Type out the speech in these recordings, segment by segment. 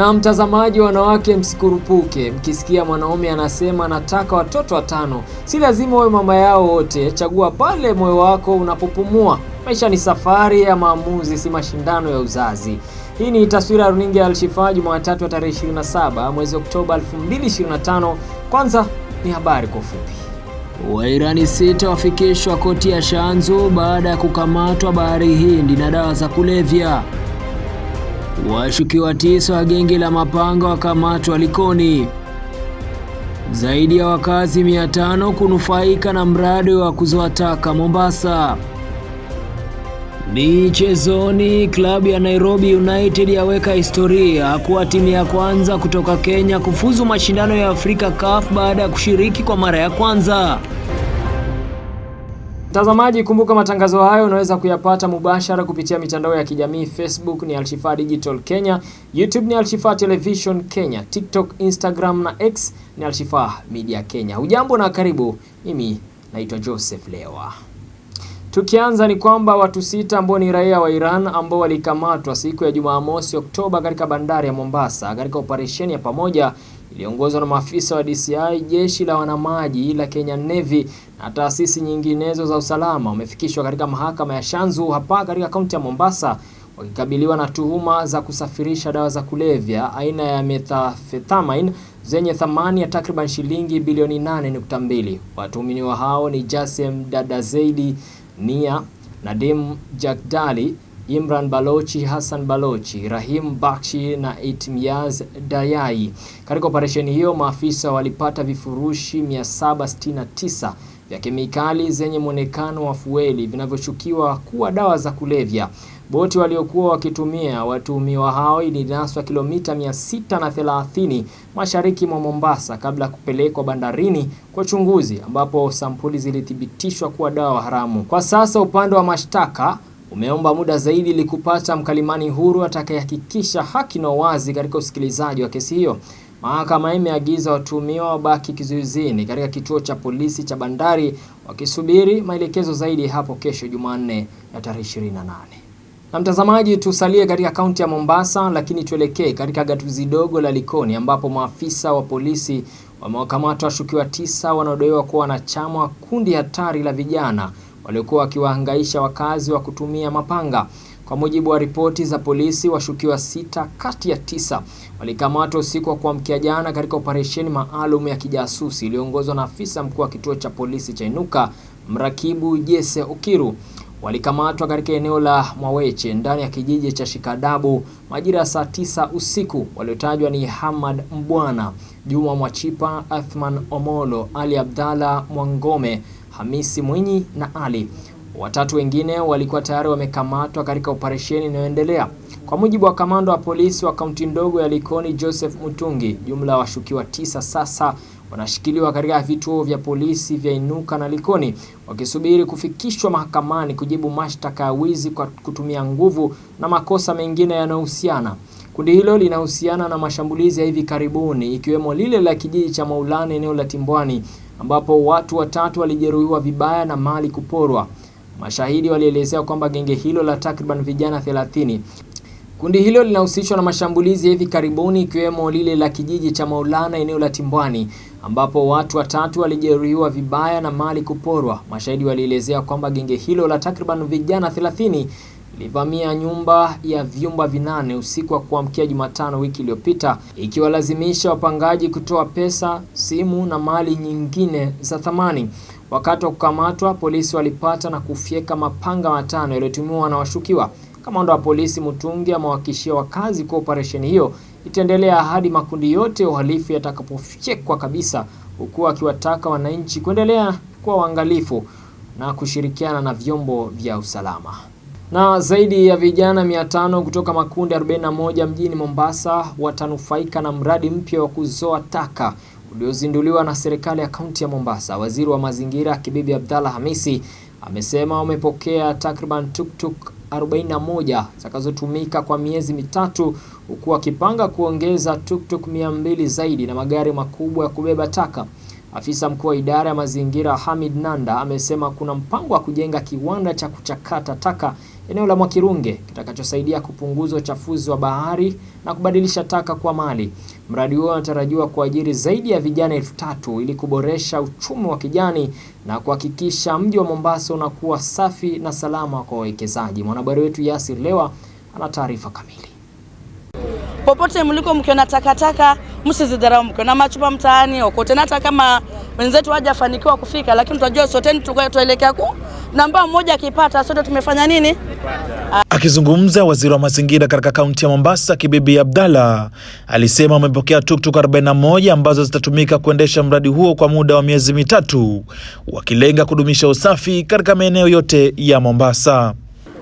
Na mtazamaji, wanawake msikurupuke, mkisikia mwanaume anasema nataka watoto watano, si lazima uwe mama yao wote. Chagua pale moyo wako unapopumua. Maisha ni safari ya maamuzi, si mashindano ya uzazi. Hii ni taswira ya runinga ya Alshifaa Jumatatu ya tarehe 27 mwezi Oktoba 2025. Kwanza ni habari kwa ufupi. Wairani sita wafikishwa koti ya Shanzu baada ya kukamatwa Bahari Hindi na dawa za kulevya. Washukiwa tisa wa genge la mapanga wakamatwa Likoni. Zaidi ya wakazi 500 kunufaika na mradi wa kuzoa taka Mombasa. Michezoni, klabu ya Nairobi United yaweka historia kuwa timu ya kwanza kutoka Kenya kufuzu mashindano ya Afrika CAF baada ya kushiriki kwa mara ya kwanza. Mtazamaji, kumbuka matangazo hayo unaweza kuyapata mubashara kupitia mitandao ya kijamii. Facebook ni Alshifa Digital Kenya, YouTube ni Alshifa Television Kenya, TikTok, Instagram na X ni Alshifa Media Kenya. Hujambo na karibu, mimi naitwa Joseph Lewa. Tukianza ni kwamba watu sita ambao ni raia wa Iran ambao walikamatwa siku ya Jumamosi Oktoba katika bandari ya Mombasa katika operesheni ya pamoja iliongozwa na maafisa wa DCI, jeshi la wanamaji la Kenya Navy na taasisi nyinginezo za usalama wamefikishwa katika mahakama ya Shanzu hapa katika kaunti ya Mombasa wakikabiliwa na tuhuma za kusafirisha dawa za kulevya aina ya methamphetamine zenye thamani ya takriban shilingi bilioni 8.2. Watuhumiwa hao ni Jasem Dada Zaidi Nia, Nadim Jakdali Imran Balochi, Hassan Balochi, Rahim Bakshi na Itmiaz Dayai. Katika operesheni hiyo maafisa walipata vifurushi 769 vya kemikali zenye mwonekano wa fueli vinavyoshukiwa kuwa dawa za kulevya. Boti waliokuwa wakitumia watuhumiwa hao ilinaswa kilomita 630 mashariki mwa Mombasa kabla ya kupelekwa bandarini kwa uchunguzi ambapo sampuli zilithibitishwa kuwa dawa haramu. Kwa sasa upande wa mashtaka umeomba muda zaidi ili kupata mkalimani huru atakayehakikisha haki na uwazi katika usikilizaji wa kesi hiyo. Mahakama imeagiza watuhumiwa wabaki kizuizini katika kituo cha polisi cha Bandari wakisubiri maelekezo zaidi hapo kesho Jumanne ya tarehe 28. Na mtazamaji, tusalie katika kaunti ya Mombasa, lakini tuelekee katika gatuzi dogo la Likoni ambapo maafisa wa polisi wamewakamata washukiwa tisa wanaodaiwa kuwa wanachama wa kundi hatari la vijana waliokuwa wakiwahangaisha wakazi wa kutumia mapanga. Kwa mujibu wa ripoti za polisi, washukiwa sita kati ya tisa walikamatwa usiku wa kuamkia jana katika operesheni maalum ya kijasusi iliyoongozwa na afisa mkuu wa kituo cha polisi cha Inuka, mrakibu Jesse Okiru. Walikamatwa katika eneo la Mwaweche ndani ya kijiji cha Shikadabu majira ya saa tisa usiku. Waliotajwa ni Hamad Mbwana, Juma Mwachipa, Athman Omolo, Ali Abdalla Mwangome Hamisi Mwinyi na Ali. Watatu wengine walikuwa tayari wamekamatwa katika operesheni inayoendelea. Kwa mujibu wa kamanda wa polisi wa kaunti ndogo ya Likoni, Joseph Mutungi, jumla ya washukiwa tisa sasa wanashikiliwa katika vituo vya polisi vya Inuka na Likoni wakisubiri kufikishwa mahakamani kujibu mashtaka ya wizi kwa kutumia nguvu na makosa mengine yanayohusiana. Kundi hilo linahusiana na mashambulizi ya hivi karibuni ikiwemo lile la kijiji cha Maulana eneo la Timbwani ambapo watu watatu walijeruhiwa vibaya na mali kuporwa. Mashahidi walielezea kwamba genge hilo la takriban vijana 30 Kundi hilo linahusishwa na mashambulizi ya hivi karibuni ikiwemo lile la kijiji cha Maulana eneo la Timbwani ambapo watu watatu walijeruhiwa vibaya na mali kuporwa. Mashahidi walielezea kwamba genge hilo la takriban vijana 30 ilivamia nyumba ya vyumba vinane usiku wa kuamkia Jumatano wiki iliyopita ikiwalazimisha wapangaji kutoa pesa, simu na mali nyingine za thamani. Wakati wa kukamatwa, polisi walipata na kufyeka mapanga matano yaliyotumiwa na washukiwa. Kamanda wa polisi Mutungi amewahakikishia wakazi kuwa operesheni hiyo itaendelea hadi makundi yote ya uhalifu yatakapofyekwa kabisa, huku akiwataka wananchi kuendelea kuwa waangalifu na kushirikiana na vyombo vya usalama. Na zaidi ya vijana 500 kutoka makundi 41 mjini Mombasa watanufaika na mradi mpya wa kuzoa taka uliozinduliwa na serikali ya kaunti ya Mombasa. Waziri wa mazingira Kibibi Abdalla Hamisi amesema wamepokea takriban tuktuk 41 zitakazotumika kwa miezi mitatu, huku wakipanga kuongeza tuktuk 200 zaidi na magari makubwa ya kubeba taka. Afisa mkuu wa idara ya mazingira Hamid Nanda amesema kuna mpango wa kujenga kiwanda cha kuchakata taka eneo la Mwakirunge kitakachosaidia kupunguza uchafuzi wa bahari na kubadilisha taka kwa mali. Mradi huo unatarajiwa kuajiri zaidi ya vijana elfu tatu ili kuboresha uchumi wa kijani na kuhakikisha mji wa Mombasa unakuwa safi na salama kwa wawekezaji. Mwanahabari wetu Yasir Lewa ana taarifa kamili popote mliko, mkiona takataka msizidharau, mkiona machupa mtaani okote, hata kama wenzetu hajafanikiwa kufika, lakini tunajua soteni tuelekea ku namba mmoja, akipata sote tumefanya nini. Akizungumza waziri wa mazingira katika kaunti ya Mombasa, Kibibi Abdalla alisema amepokea tuktuk 41 ambazo zitatumika kuendesha mradi huo kwa muda wa miezi mitatu, wakilenga kudumisha usafi katika maeneo yote ya Mombasa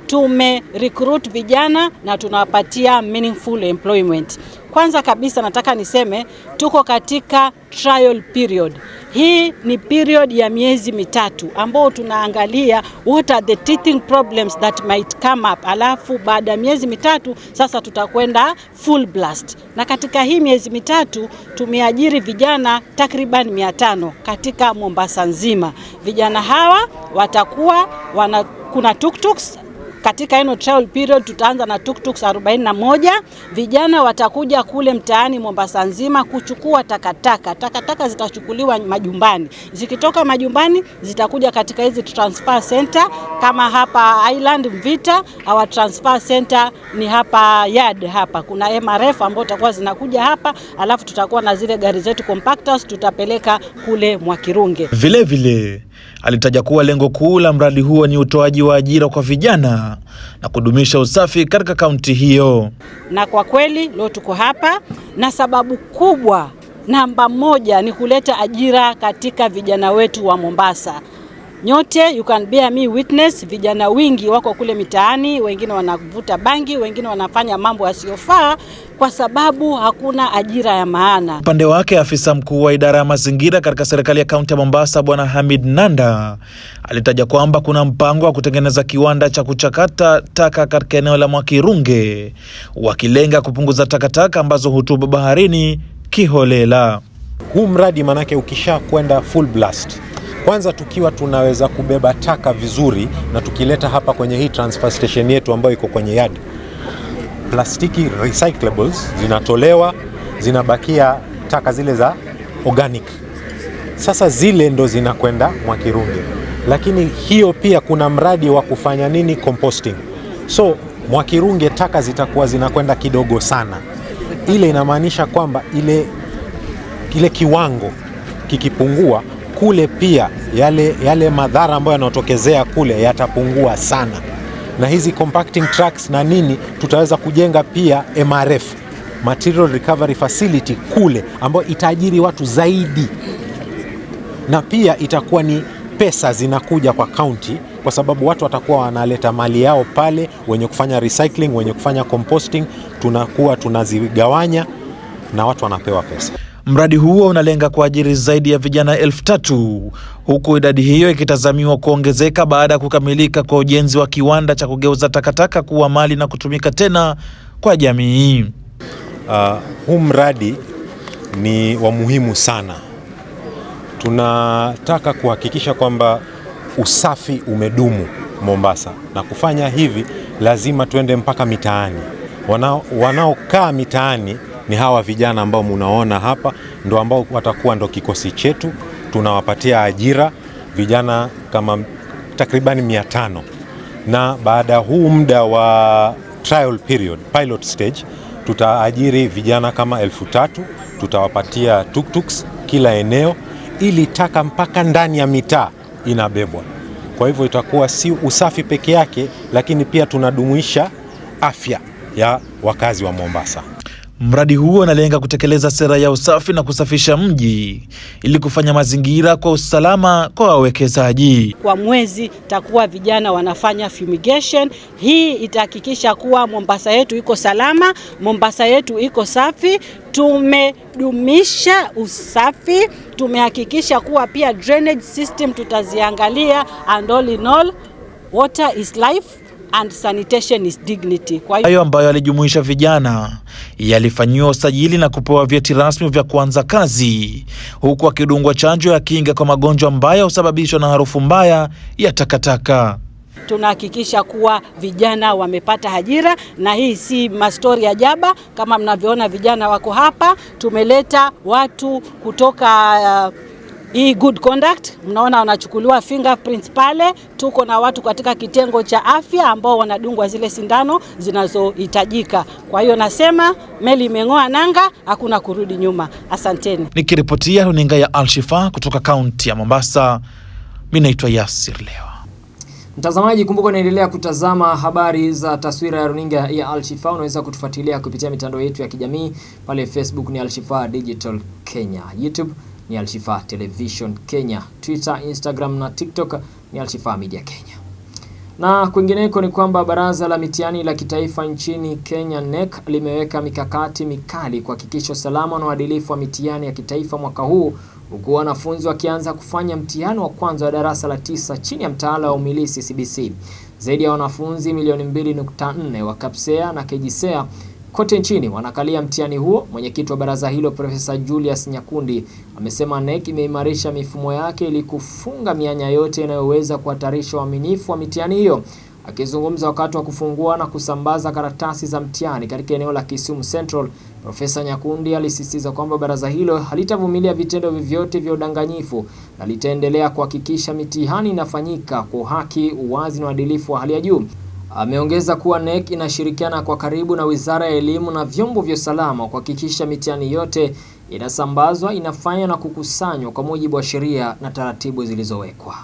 tume recruit vijana na tunawapatia meaningful employment. Kwanza kabisa nataka niseme tuko katika trial period. Hii ni period ya miezi mitatu ambao tunaangalia what are the teething problems that might come up, alafu baada ya miezi mitatu sasa tutakwenda full blast. Na katika hii miezi mitatu tumeajiri vijana takriban 500 katika Mombasa nzima. Vijana hawa watakuwa wana, kuna tuktuks katika eno trial period tutaanza na tuktuk 41. Vijana watakuja kule mtaani Mombasa nzima kuchukua takataka. Takataka zitachukuliwa majumbani, zikitoka majumbani zitakuja katika hizi transfer center kama hapa Island Mvita. Our transfer center ni hapa yard, hapa kuna MRF ambao utakuwa zinakuja hapa, alafu tutakuwa na zile gari zetu compactors tutapeleka kule Mwakirunge vilevile Alitaja kuwa lengo kuu la mradi huo ni utoaji wa ajira kwa vijana na kudumisha usafi katika kaunti hiyo. Na kwa kweli leo tuko hapa na sababu kubwa namba moja ni kuleta ajira katika vijana wetu wa Mombasa. Nyote you can bear me witness, vijana wingi wako kule mitaani, wengine wanavuta bangi, wengine wanafanya mambo yasiyofaa kwa sababu hakuna ajira ya maana. Upande wake afisa mkuu wa idara ya mazingira katika serikali ya kaunti ya Mombasa Bwana Hamid Nanda alitaja kwamba kuna mpango wa kutengeneza kiwanda cha kuchakata taka katika eneo la Mwakirunge, wakilenga kupunguza takataka ambazo hutuba baharini kiholela. Huu mradi manake ukisha kwenda full blast kwanza tukiwa tunaweza kubeba taka vizuri na tukileta hapa kwenye hii transfer station yetu ambayo iko kwenye yadi plastiki recyclables zinatolewa, zinabakia taka zile za organic. Sasa zile ndo zinakwenda Mwakirunge, lakini hiyo pia kuna mradi wa kufanya nini composting. So Mwakirunge taka zitakuwa zinakwenda kidogo sana. Ile inamaanisha kwamba ile kile kiwango kikipungua kule pia yale, yale madhara ambayo yanatokezea kule yatapungua sana na hizi compacting trucks na nini, tutaweza kujenga pia MRF, material recovery facility kule, ambayo itaajiri watu zaidi na pia itakuwa ni pesa zinakuja kwa kaunti kwa sababu watu watakuwa wanaleta mali yao pale, wenye kufanya recycling, wenye kufanya composting, tunakuwa tunazigawanya na watu wanapewa pesa. Mradi huo unalenga kuajiri zaidi ya vijana elfu tatu huku idadi hiyo ikitazamiwa kuongezeka baada ya kukamilika kwa ujenzi wa kiwanda cha kugeuza takataka kuwa mali na kutumika tena kwa jamii. Uh, huu mradi ni wa muhimu sana. Tunataka kuhakikisha kwamba usafi umedumu Mombasa, na kufanya hivi lazima tuende mpaka mitaani. Wanao wanaokaa mitaani ni hawa vijana ambao munaona hapa ndo ambao watakuwa ndo kikosi chetu. Tunawapatia ajira vijana kama takribani mia tano na baada ya huu muda wa trial period, pilot stage, tutaajiri vijana kama elfu tatu tutawapatia tuktuks kila eneo, ili taka mpaka ndani ya mitaa inabebwa. Kwa hivyo itakuwa si usafi peke yake, lakini pia tunadumuisha afya ya wakazi wa Mombasa. Mradi huo unalenga kutekeleza sera ya usafi na kusafisha mji ili kufanya mazingira kwa usalama kwa wawekezaji. Kwa mwezi takuwa vijana wanafanya fumigation. Hii itahakikisha kuwa Mombasa yetu iko salama, Mombasa yetu iko safi. Tumedumisha usafi, tumehakikisha kuwa pia drainage system tutaziangalia and all in all, water is life and sanitation is dignity. Kwa hiyo ambayo alijumuisha vijana yalifanyiwa usajili na kupewa vyeti rasmi vya kuanza kazi huku akidungwa chanjo ya kinga kwa magonjwa ambayo husababishwa na harufu mbaya ya takataka. Tunahakikisha kuwa vijana wamepata ajira, na hii si mastori ya jaba. Kama mnavyoona vijana wako hapa, tumeleta watu kutoka uh, hii good conduct, mnaona wanachukuliwa fingerprints pale. Tuko na watu katika kitengo cha afya ambao wanadungwa zile sindano zinazohitajika. Kwa hiyo nasema meli imeng'oa nanga, hakuna kurudi nyuma. Asanteni. Nikiripotia runinga ya Alshifa kutoka kaunti ya Mombasa, mimi naitwa Yasir Lewa. Mtazamaji, kumbuka unaendelea kutazama habari za taswira ya runinga ya Alshifa. Unaweza kutufuatilia kupitia mitandao yetu ya kijamii pale Facebook ni Alshifa Digital Kenya, YouTube ni Alshifa Television Kenya, Twitter, Instagram na TikTok ni Alshifa Media Kenya. Na kwingineko ni kwamba baraza la mitihani la kitaifa nchini Kenya NEC limeweka mikakati mikali kuhakikisha usalama na uadilifu wa mitihani ya kitaifa mwaka huu huku wanafunzi wakianza kufanya mtihani wa kwanza wa darasa la tisa chini ya mtaala wa umilisi CBC. Zaidi ya wanafunzi milioni 2.4 wa capsea na KJSEA kote nchini wanakalia mtihani huo. Mwenyekiti wa baraza hilo Profesa Julius Nyakundi amesema NEC imeimarisha mifumo yake ili kufunga mianya yote inayoweza kuhatarisha uaminifu wa, wa mitihani hiyo. Akizungumza wakati wa kufungua na kusambaza karatasi za mtihani katika eneo la Kisumu Central, Profesa Nyakundi alisisitiza kwamba baraza hilo halitavumilia vitendo vyovyote vya udanganyifu na litaendelea kuhakikisha mitihani inafanyika kwa haki, uwazi na uadilifu wa hali ya juu. Ameongeza kuwa NEC inashirikiana kwa karibu na Wizara ya Elimu na vyombo vya usalama kuhakikisha mitihani yote inasambazwa, inafanywa na kukusanywa kwa mujibu wa sheria na taratibu zilizowekwa.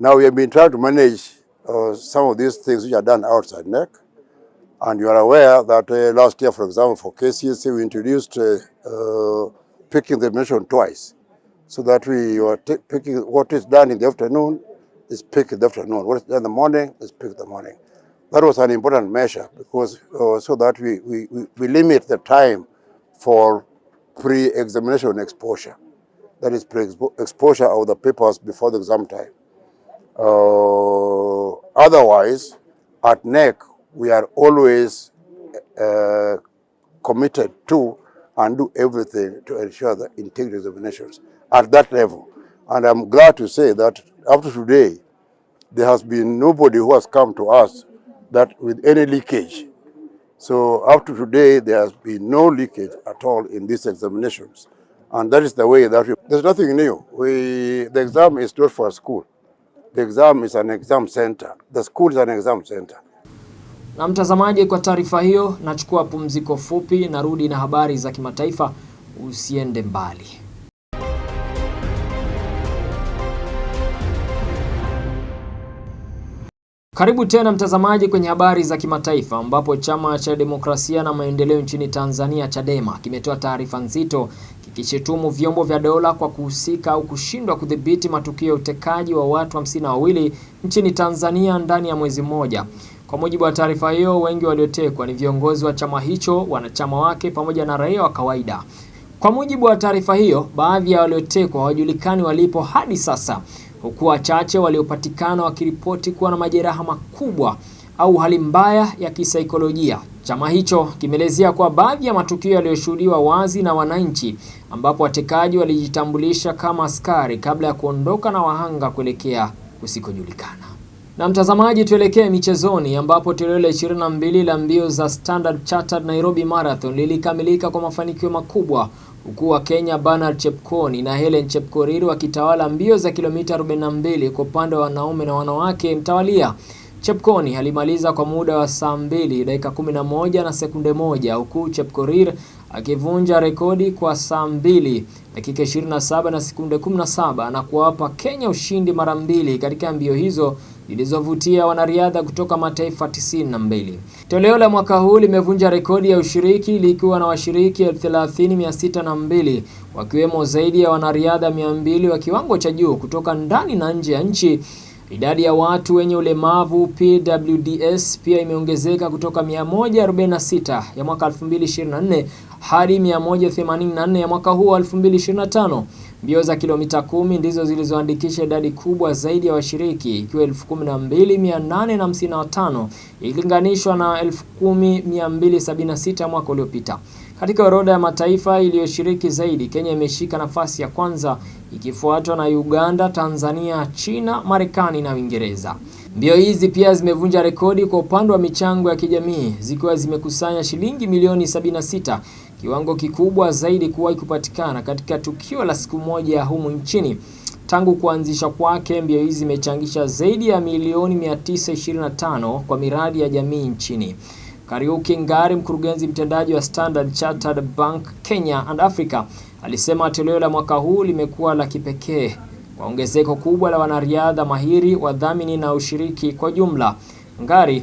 Now we have been trying to manage uh, some of these things which are done outside NEC. And you are aware that uh, last year, for example, for KCSA, we introduced uh, uh, picking the mission twice. So that we are picking what is done in the afternoon is picked in the afternoon. What is done in the morning is picked in the morning. That was an important measure because uh, so that we, we, we limit the time for pre-examination exposure. That is pre-exposure of the papers before the exam time. Uh, otherwise, at NEC, we are always uh, committed to and do everything to ensure the integrity of the nations at that level. And I'm glad to say that up to today, there has been nobody who has come to us that with any leakage. So up to today, there has been no leakage at all in these examinations. And that is the way that we, there's nothing new. We, the exam is not for a school. The exam is an exam center. The school is an exam center. Na mtazamaji, kwa taarifa hiyo, nachukua pumziko fupi, narudi na habari za kimataifa. Usiende mbali. Karibu tena mtazamaji kwenye habari za kimataifa ambapo chama cha demokrasia na maendeleo nchini Tanzania Chadema kimetoa taarifa nzito kikishutumu vyombo vya dola kwa kuhusika au kushindwa kudhibiti matukio ya utekaji wa watu hamsini na wawili nchini Tanzania ndani ya mwezi mmoja. Kwa mujibu wa taarifa hiyo, wengi waliotekwa ni viongozi wa chama hicho, wanachama wake pamoja na raia wa kawaida. Kwa mujibu wa taarifa hiyo, baadhi ya waliotekwa hawajulikani walipo hadi sasa, huku wachache waliopatikana wakiripoti kuwa na majeraha makubwa au hali mbaya ya kisaikolojia. Chama hicho kimeelezea kuwa baadhi ya matukio yaliyoshuhudiwa wazi na wananchi, ambapo watekaji walijitambulisha kama askari kabla ya kuondoka na wahanga kuelekea kusikojulikana. Na mtazamaji, tuelekee michezoni ambapo toleo la 22 la mbio za Standard Chartered Nairobi Marathon lilikamilika kwa mafanikio makubwa huku wa Kenya Bernard Chepkoni na helen Chepkorir wakitawala mbio za kilomita 42 kwa upande wa wanaume na wanawake mtawalia. Chepkoni alimaliza kwa muda wa saa 2 dakika 11 na sekunde moja huku Chepkorir akivunja rekodi kwa saa 2 dakika 27 na sekunde 17 na kuwapa Kenya ushindi mara mbili katika mbio hizo zilizovutia wanariadha kutoka mataifa 92. Toleo la mwaka huu limevunja rekodi ya ushiriki likiwa na washiriki 30,602 wakiwemo zaidi ya wanariadha 200 wa kiwango cha juu kutoka ndani na nje ya nchi. Idadi ya watu wenye ulemavu PWDs pia imeongezeka kutoka 146 ya mwaka 2024 hadi 184 ya mwaka huu 2025. Mbio za kilomita kumi ndizo zilizoandikisha idadi kubwa zaidi ya washiriki ikiwa 12855 ikilinganishwa na 10276 mwaka uliopita. Katika orodha ya mataifa iliyoshiriki zaidi, Kenya imeshika nafasi ya kwanza ikifuatwa na Uganda, Tanzania, China, Marekani na Uingereza. Mbio hizi pia zimevunja rekodi kwa upande wa michango ya kijamii zikiwa zimekusanya shilingi milioni 76 kiwango kikubwa zaidi kuwahi kupatikana katika tukio la siku moja humu nchini. Tangu kuanzisha kwake, mbio hizi zimechangisha zaidi ya milioni 925 kwa miradi ya jamii nchini. Kariuki Ngari, mkurugenzi mtendaji wa Standard Chartered Bank Kenya and Africa, alisema toleo la mwaka huu limekuwa la kipekee kwa ongezeko kubwa la wanariadha mahiri, wadhamini na ushiriki kwa jumla. Ngari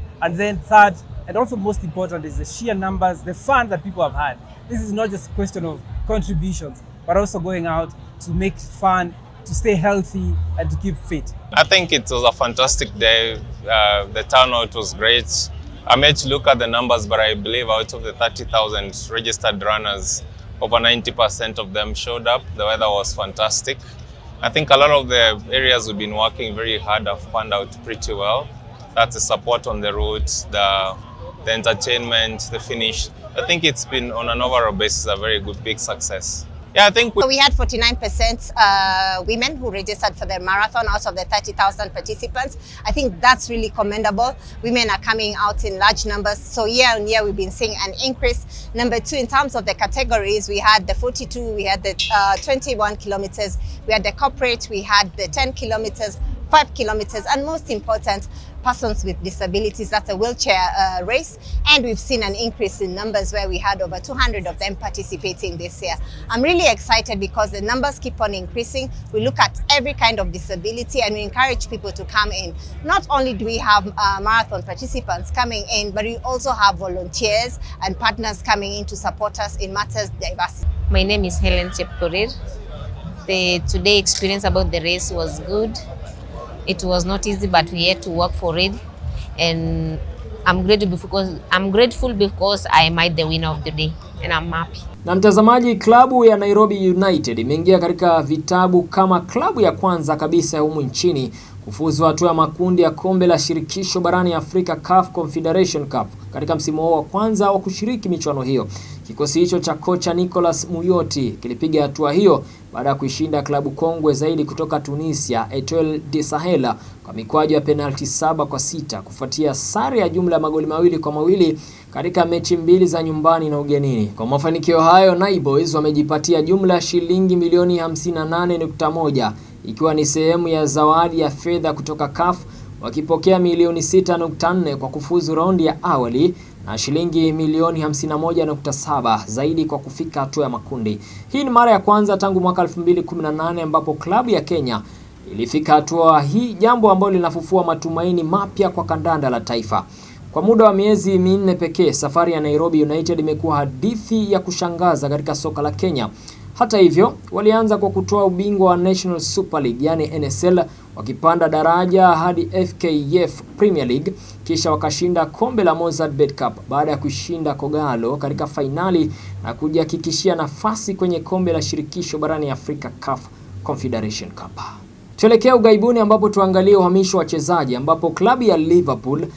And then third, and also most important is the sheer numbers, the fun that people have had. This is not just a question of contributions, but also going out to make fun, to stay healthy, and to keep fit. I think it was a fantastic day. Uh, the turnout was great. I may look at the numbers, but I believe out of the 30,000 registered runners, over 90% of them showed up. The weather was fantastic. I think a lot of the areas we've been working very hard have panned out pretty well that's the support on the road, the, the entertainment, the finish. I think it's been on an overall basis a very good, big success. Yeah, I think we, we had 49% uh, women who registered for the marathon out of the 30,000 participants. I think that's really commendable. Women are coming out in large numbers. So year on year, we've been seeing an increase. Number two, in terms of the categories, we had the 42, we had the uh, 21 kilometers, we had the corporate, we had the 10 kilometers, five kilometers, and most important, persons with disabilities. That's a wheelchair uh, race. And we've seen an increase in numbers where we had over 200 of them participating this year. I'm really excited because the numbers keep on increasing. We look at every kind of disability and we encourage people to come in. Not only do we have uh, marathon participants coming in, but we also have volunteers and partners coming in to support us in matters diversity. My name is Helen Chepkorir. The today experience about the race was good. It was not easy, but we had to work for it. And I'm grateful because, I'm grateful because I made the winner of the day and I'm happy. Na mtazamaji, klabu ya Nairobi United imeingia katika vitabu kama klabu ya kwanza kabisa humu nchini kufuzu hatua ya makundi ya kombe la shirikisho barani Afrika CAF Confederation Cup katika msimu wao wa kwanza wa kushiriki michuano hiyo. Kikosi hicho cha kocha Nicolas Muyoti kilipiga hatua hiyo baada ya kuishinda klabu kongwe zaidi kutoka Tunisia Etoile de Sahela kwa mikwaju ya penalti saba kwa sita kufuatia sare ya jumla ya magoli mawili kwa mawili katika mechi mbili za nyumbani na ugenini. Kwa mafanikio hayo, Naiboys wamejipatia jumla ya shilingi milioni 58.1 ikiwa ni sehemu ya zawadi ya fedha kutoka CAF wakipokea milioni 6.4 kwa kufuzu raundi ya awali na shilingi milioni 51.7 zaidi kwa kufika hatua ya makundi. Hii ni mara ya kwanza tangu mwaka 2018 ambapo klabu ya Kenya ilifika hatua hii, jambo ambalo linafufua matumaini mapya kwa kandanda la taifa. Kwa muda wa miezi minne pekee, safari ya Nairobi United imekuwa hadithi ya kushangaza katika soka la Kenya. Hata hivyo, walianza kwa kutoa ubingwa wa National Super League yani NSL, wakipanda daraja hadi FKF e Premier League, kisha wakashinda kombe la Mozart Cup baada ya kushinda Kogalo katika fainali na kujihakikishia nafasi kwenye kombe la shirikisho barani Afrika CAF Confederation Cup. Tuelekea ugaibuni ambapo tuangalie uhamisho wa wachezaji ambapo klabu ya Liverpool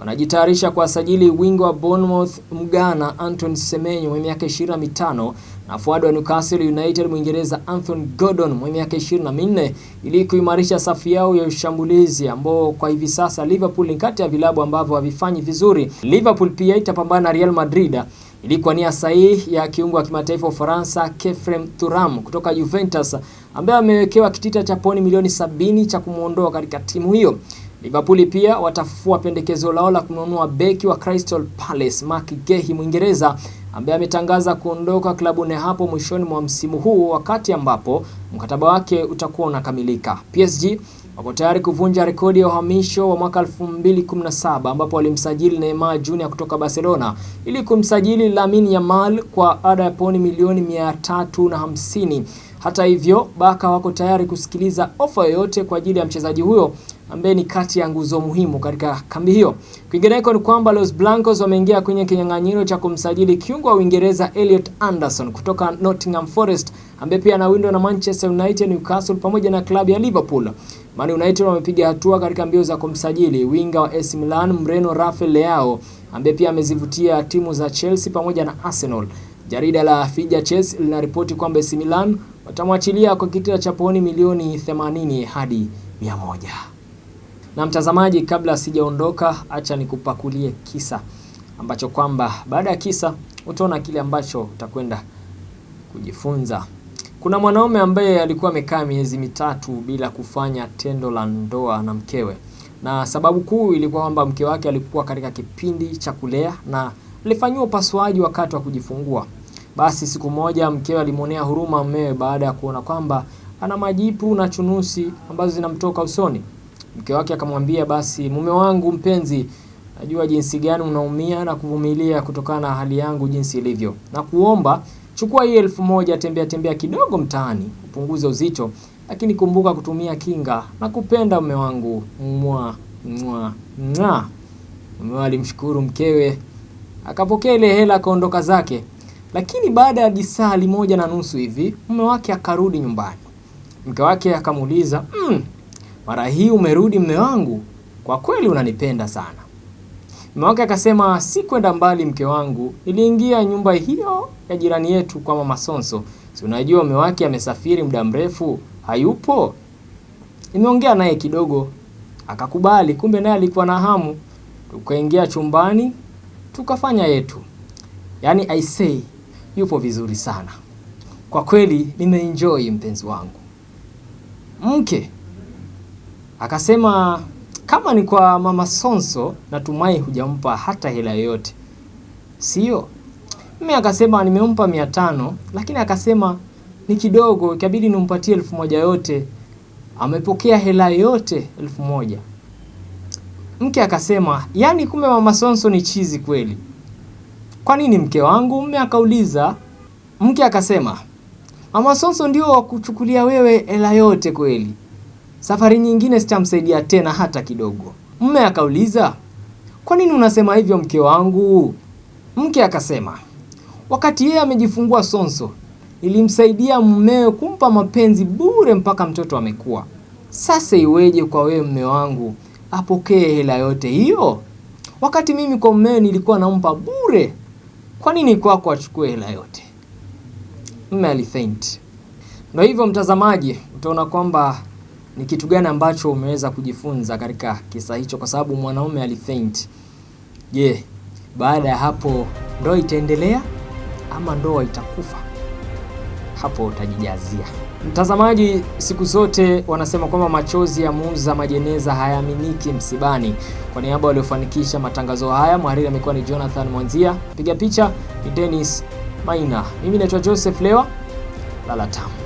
wanajitayarisha kuwasajili wingo wa Bournemouth Mgana Anton Semenyo mwenye miaka 25 na fuadi wa Newcastle United Mwingereza Anthony Gordon mwenye miaka 24 ili kuimarisha safu yao ya ushambulizi ambao kwa hivi sasa Liverpool ni kati ya vilabu ambavyo havifanyi vizuri. Liverpool pia itapambana na Real Madrid ili nia sahihi ya kiungo wa kimataifa wa Ufaransa Kefrem Thuram kutoka Juventus ambaye amewekewa kitita cha poni milioni sabini cha kumwondoa katika timu hiyo. Liverpool pia watafufua pendekezo lao la kununua beki wa Crystal Palace Mark Gehi Mwingereza ambaye ametangaza kuondoka klabuni hapo mwishoni mwa msimu huu wakati ambapo mkataba wake utakuwa unakamilika. PSG wako tayari kuvunja rekodi ya uhamisho wa mwaka 2017 ambapo walimsajili Neymar Jr kutoka Barcelona ili kumsajili Lamine Yamal kwa ada ya poni milioni 350. Hata hivyo, Barca wako tayari kusikiliza ofa yoyote kwa ajili ya mchezaji huyo ambaye ni kati ya nguzo muhimu katika kambi hiyo. Kwingineko ni kwamba Los Blancos wameingia kwenye kinyang'anyiro cha kumsajili kiungo wa Uingereza Elliot Anderson kutoka Nottingham Forest ambaye pia anawindwa na Manchester United, Newcastle pamoja na klabu ya Liverpool. Man United wamepiga hatua katika mbio za kumsajili winga wa AC Milan Mreno Rafael Leao ambaye pia amezivutia timu za Chelsea pamoja na Arsenal. Jarida la Fija Chess linaripoti kwamba AC Milan watamwachilia kwa kitita cha pauni milioni 80 hadi 100. Na mtazamaji, kabla sijaondoka, acha nikupakulie kisa ambacho kwamba baada ya kisa utaona kile ambacho utakwenda kujifunza. Kuna mwanaume ambaye alikuwa amekaa miezi mitatu bila kufanya tendo la ndoa na mkewe, na sababu kuu ilikuwa kwamba mke wake alikuwa katika kipindi cha kulea na alifanyiwa upasuaji wakati wa kujifungua. Basi siku moja mkewe alimwonea huruma mmewe baada ya kuona kwamba ana majipu na chunusi ambazo zinamtoka usoni. Mke wake akamwambia, basi mume wangu mpenzi, najua jinsi gani unaumia na kuvumilia kutokana na hali yangu jinsi ilivyo, na kuomba chukua hii elfu moja, tembea tembea kidogo mtaani upunguze uzito, lakini kumbuka kutumia kinga. Na kupenda mume wangu, mwa mwa mwa. Mume alimshukuru mkewe, akapokea ile hela, akaondoka zake. Lakini baada ya jisali moja na nusu hivi mume wake akarudi nyumbani. Mke wake akamuuliza mm, mara hii umerudi mme wangu, kwa kweli unanipenda sana. Mme wake akasema, si kwenda mbali mke wangu, niliingia nyumba hiyo ya jirani yetu kwa mama Sonso. Si unajua mme wake amesafiri muda mrefu, hayupo. Nimeongea naye kidogo, akakubali. Kumbe naye alikuwa na hamu. Tukaingia chumbani tukafanya yetu, yaani I say yupo vizuri sana kwa kweli, nimeenjoy mpenzi wangu mke Akasema kama ni kwa mama Sonso, natumai hujampa hata hela yoyote, sio? Mimi akasema nimempa mia tano, lakini akasema ni kidogo, ikabidi nimpatie elfu moja yote. Amepokea hela yote elfu moja. Mke akasema yaani, kumbe mama Sonso ni chizi kweli. Kwa nini mke wangu? Mme akauliza. Mke akasema mama Sonso ndio wa kuchukulia wewe hela yote kweli. Safari nyingine sitamsaidia tena hata kidogo. mme akauliza, kwa nini unasema hivyo mke wangu? Mke akasema, wakati yeye amejifungua Sonso ilimsaidia mmewe kumpa mapenzi bure mpaka mtoto amekua Sasa iweje kwa wewe mme wangu apokee hela yote hiyo, wakati mimi kwa mmewe nilikuwa nampa bure? Kwa nini kwako achukue hela yote? Mme alifaint. Ndio hivyo, mtazamaji, utaona kwamba ni kitu gani ambacho umeweza kujifunza katika kisa hicho? Kwa sababu mwanaume alifaint. Je, baada ya hapo ndoa itaendelea ama ndoa itakufa? Hapo utajijazia. Mtazamaji, siku zote wanasema kwamba machozi ya muuza majeneza hayaaminiki msibani. Kwa niaba waliofanikisha matangazo haya, mhariri amekuwa ni Jonathan Mwanzia, piga picha ni Dennis Maina, mimi naitwa Joseph Lewa. Lala tamu.